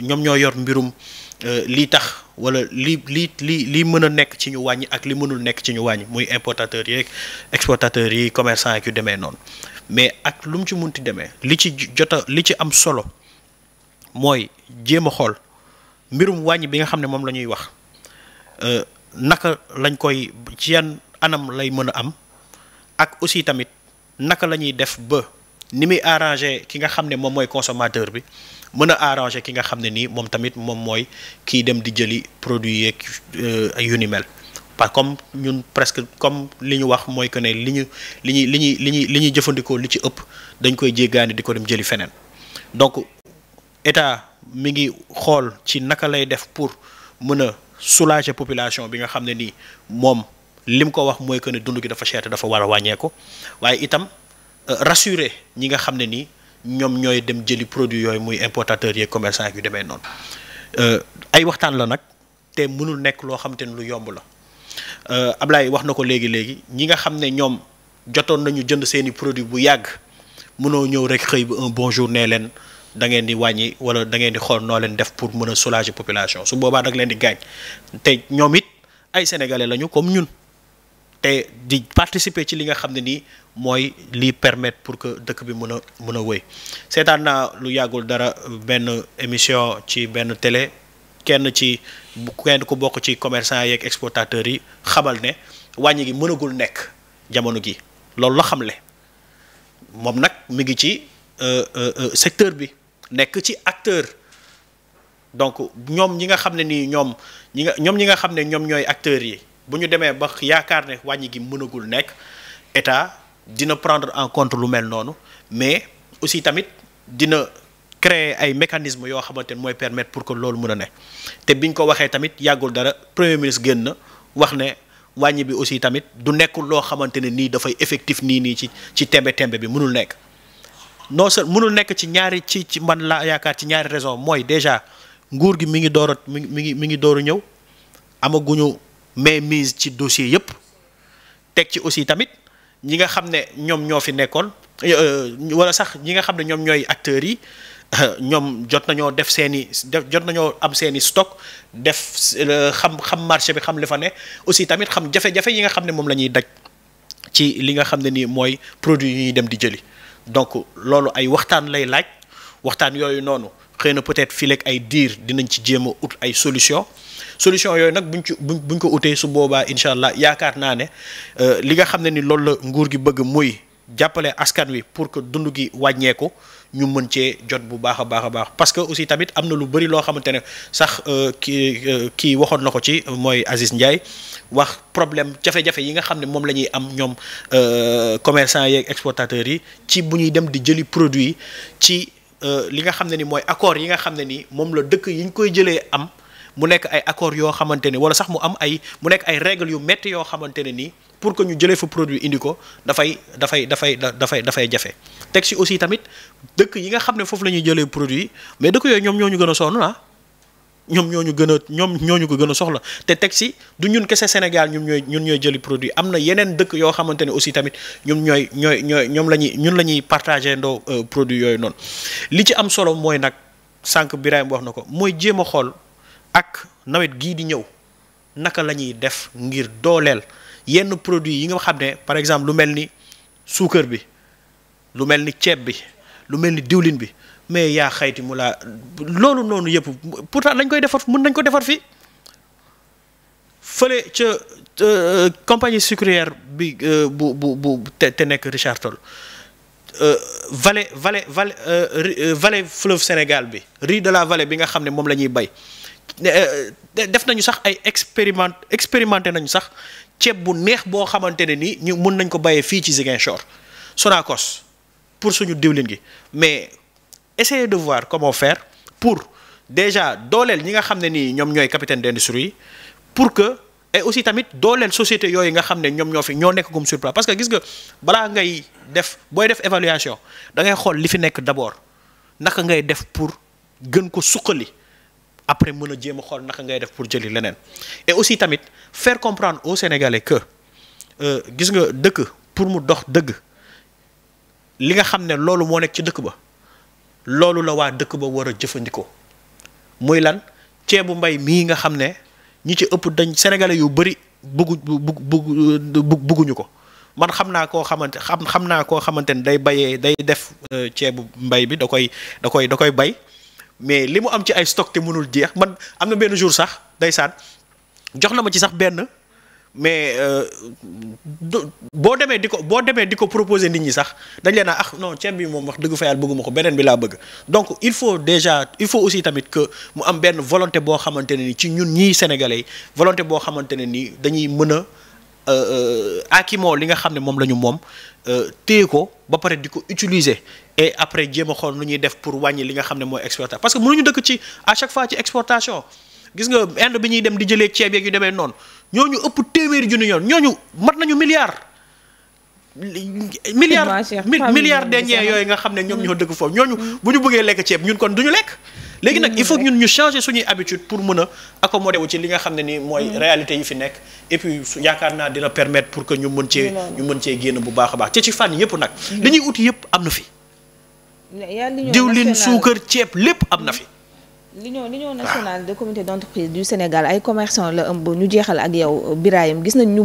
ñoom ñoo yor mbirum euh, lii tax wala lii lii li lii mën a nekk ci ñu wàññi ak li mënul nekk ci ñu wàññi muy importateurs yeeg exportateurs yi commerçant ak yu demee noonu mais ak lu mu ci munti demee li ci jot li ci am solo mooy jéem a xool mbirum wàññi bi nga xam ne moom la ñuy wax euh, naka lañ koy ci yan anam lay mën a am ak aussi tamit naka la ñuy def ba ni muy arrangé ki nga xam ne moom mooy consomateur bi mën a arrangé ki nga xam ne nii moom tamit moom mooy kii dem di jëli produit yeeg euh, yu ni mel par comme ñun presque comme li ñu wax mooy que ne li ñu li ñuy li ñuy li ñuy li ñuy jëfandikoo li ci ëpp dañ koy jéggaani di ko dem jëli feneen donc état mi ngi xool ci naka lay def pour mën a soulager population bi nga xam ne nii moom li lim ko wax mooy que ne dund gi dafa cher dafa war a wàññeeku waaye itam. Euh, rassurer ñi nga xam ne ni ñoom ñooy dem jëli produit yooyu muy importateurs yeeg commerçant ak yu demee noonu euh, ay waxtaan la nag te mënul nekk loo xam te ne lu yomb la euh, Ablaye wax na ko léegi léegi ñi nga xam ne ñoom jotoon nañu jënd seeni produit bu yàgg mënoo ñëw rek xëy ba un bonjour nee leen da ngeen di wàññi wala da ngeen di xool noo leen def pour mën a soulager population su boobaa dag leen di gaañ te ñoom it ay sénégalais lañu comme ñun. te di participer ci li nga xam ne nii mooy lii permettre pour que dëkk bi mun a mun a wéy seetaan naa lu yàggul dara benn émission ci benn télé kenn ci kenn ku bokk ci commerçant yeeg exportateurs yi xamal ne wàññi gi mënagul nekk jamono gi loolu la xamle moom nag mi ngi ci euh, euh, euh, secteur bi nekk ci acteur donc ñoom ñi nga xam ne nii ñoom ñi nga ñoom ñi nga xam ne ñoom ñooy acteurs yi bu ñu demee ba yaakaar ne wàññi gi mënagul nekk état dina prendre en compte lu mel noonu mais aussi tamit dina créer ay mécanismes yoo xamante ne mooy permettre pour que loolu mën a ne te biñ ko waxee tamit yàggul dara premier ministre génn na wax ne wàññi bi aussi tamit du nekkul loo xamante ne nii dafay effectif nii nii ci ci tembe tembe bi mënul nekk non seulement mënul nekk ci ñaari ci ci man laa yaakaar ci ñaari raison mooy déjà nguur gi mi ngi door a mi ngi mi ngi door a ñëw amaguñu. mais mise ci dossier yëpp teg ci aussi tamit ñi nga xam ne ñoom ñoo fi nekkoon euh, wala sax ñi nga xam ne ñoom ñooy acteurs yi ñoom jot nañoo def seen i def jot nañoo am seen i stock def euh, xam xam marché bi xam li fa ne aussi tamit xam jafe-jafe yi nga xam ne moom la ñuy daj ci li nga xam ne nii mooy produit yi ñuy dem di jëli donc loolu ay waxtaan lay laaj waxtaan yooyu noonu xëy na peut-être fileeg ay diir dinañ ci jéem a ut ay solution solution yooyu nag buñ ci buñ buñ ko utee su boobaa incha allah yaakaar naa ne euh, li nga xam ne ni loolu la nguur gi bëgg muy jàppale askan wi pour que dund gi wàññeeku ñu mën cee jot bu baax a baax a baax parce que aussi tamit am na lu bëri loo xamante ne sax euh, kii euh, kii waxoon na ko ci mooy Aziz Ndiaye wax problème jafe-jafe yi nga xam ne moom la ñuy am ñoom commerçant yeeg exportateurs yi ci bu ñuy dem di jëli produit ci. Euh, li nga xam ne ni mooy accords yi nga xam ne ni moom la dëkk yi ñu koy jëlee am mu nekk ay accords yoo xamante ni wala sax mu am ay mu nekk ay règles yu métti yoo xamante ne nii pour que ñu jëlee fa produit indi ko dafay dafay dafay dafay dafay jafe teg si aussi tamit dëkk yi nga xam ne foofu la ñuy jëlee produit mais dëkk yooyu ñoom ñoo ñu gën a sonn ah. ñoom ñoo ñu gën a ñoom ñoo ñu ko gën a soxla te teg si du ñun kese Sénégal ñun ñooy ñun ñooy jëli produit am na yeneen dëkk yoo xamante ne aussi tamit ñun ñooy ñooy ñooy ñoom la ñuy ñun la ñuy partagé ndoo euh, produit yooyu noonu li ci am solo mooy nag sànq Birame wax na ko mooy jéem a xool ak nawet gii di ñëw naka la ñuy def ngir dooleel yenn produits yi nga xam ne par exemple lu mel ni suukar bi lu mel ni ceeb bi lu mel ni diwlin bi mais yaa xayti mu laa loolu noonu yëpp pourtant dañ koy defar mën nañ ko defar fii fële ca euh, compagnie sucrière bi euh, bu bu bu te te nekk Richard Toll euh, vallée vallée vallée vallée fleuve Sénégal bi riz de la vallée bi nga xam ne moom la ñuy bay def nañu sax ay expériment expérimenté nañu sax ceeb bu neex boo xamante ne nii ñu mën nañ ko bayee fii ci Ziguinchor Sonacos pour suñu diwlin gi mais essayer de voir comment faire pour déjà dooleel ñi nga xam ne nii ñoom ñooy capitaine d'industrie yi pour que et aussi tamit dooleel société yooyu nga xam ne ñoom ñoo fi ñoo nekk gum sur place parce que gis nga balaa ngay def booy def évaluation da ngay xool li fi nekk d'abord naka ngay def pour gën ko suqali après mën a jéem a xool naka ngay def pour jëli leneen et aussi tamit faire comprendre aux Sénégalais que euh, gis nga dëkk pour mu dox dëgg li nga xam ne loolu moo nekk ci dëkk ba loolu la waa dëkk ba war a jëfandikoo muy lan ceebu mbay mii nga xam ne ñi ci ëpp dañ sénégalais yu bëri buggu bugg bugguñu ko man xam naa koo xamante xam xam naa koo xamante ni day bayee day def euh, ceebu mbay bi da koy da koy da koy bay mais li mu am ci ay stock te mënul jeex man am na benn jour sax day saan jox na ma ci sax benn mais euh, boo demee di ko boo demee di ko proposer nit ñi sax dañ leen ah non ceeb bi moom wax dëgg fa yàlla bëgguma ko beneen bi laa bëgg donc il faut déjà il faut aussi tamit que mu am benn volonté boo xamante ne ni ci ñun ñii sénégalee yi volonté boo xamante ne ni dañuy mën a euh, euh, akimoo li nga xam ne moom la ñu moom téye ko ba pare di ko utiliser et après jéem a xool nu ñuy def pour wàññi li nga xam ne mooy exportation parce que ñu dëkk ci à chaque fois ci exportation gis nga Inde bi ñuy dem di jëlee ceeb yeeg demee noonu. ñooñu ëpp téeméeri junni yoon ñooñu mat nañu milliard milliard milliard dernier yooyu nga xam ne ñoom ñoo mm. dëkk foofu ñooñu mm. bu ñu bëggee lekk ceeb ñun kon du ñu lekk léegi nag mm, il faut ñun ñu changer suñuy habitude pour mën a accommoder wu ci li nga xam ne ni mooy réalité yi fi nekk et puis yaakaar naa dina permettre pour que ñu mën cee ñu mën cee génn bu baax a baax ci ci fànn yëpp nag li ñuy uti yëpp am na fi diwlin suukar ceeb lépp am na fi l'union l'union nationale de comité d'entreprise du Sénégal ay commerçant la ëmb ñu jeexal ak yow Birahim gis nañ ñu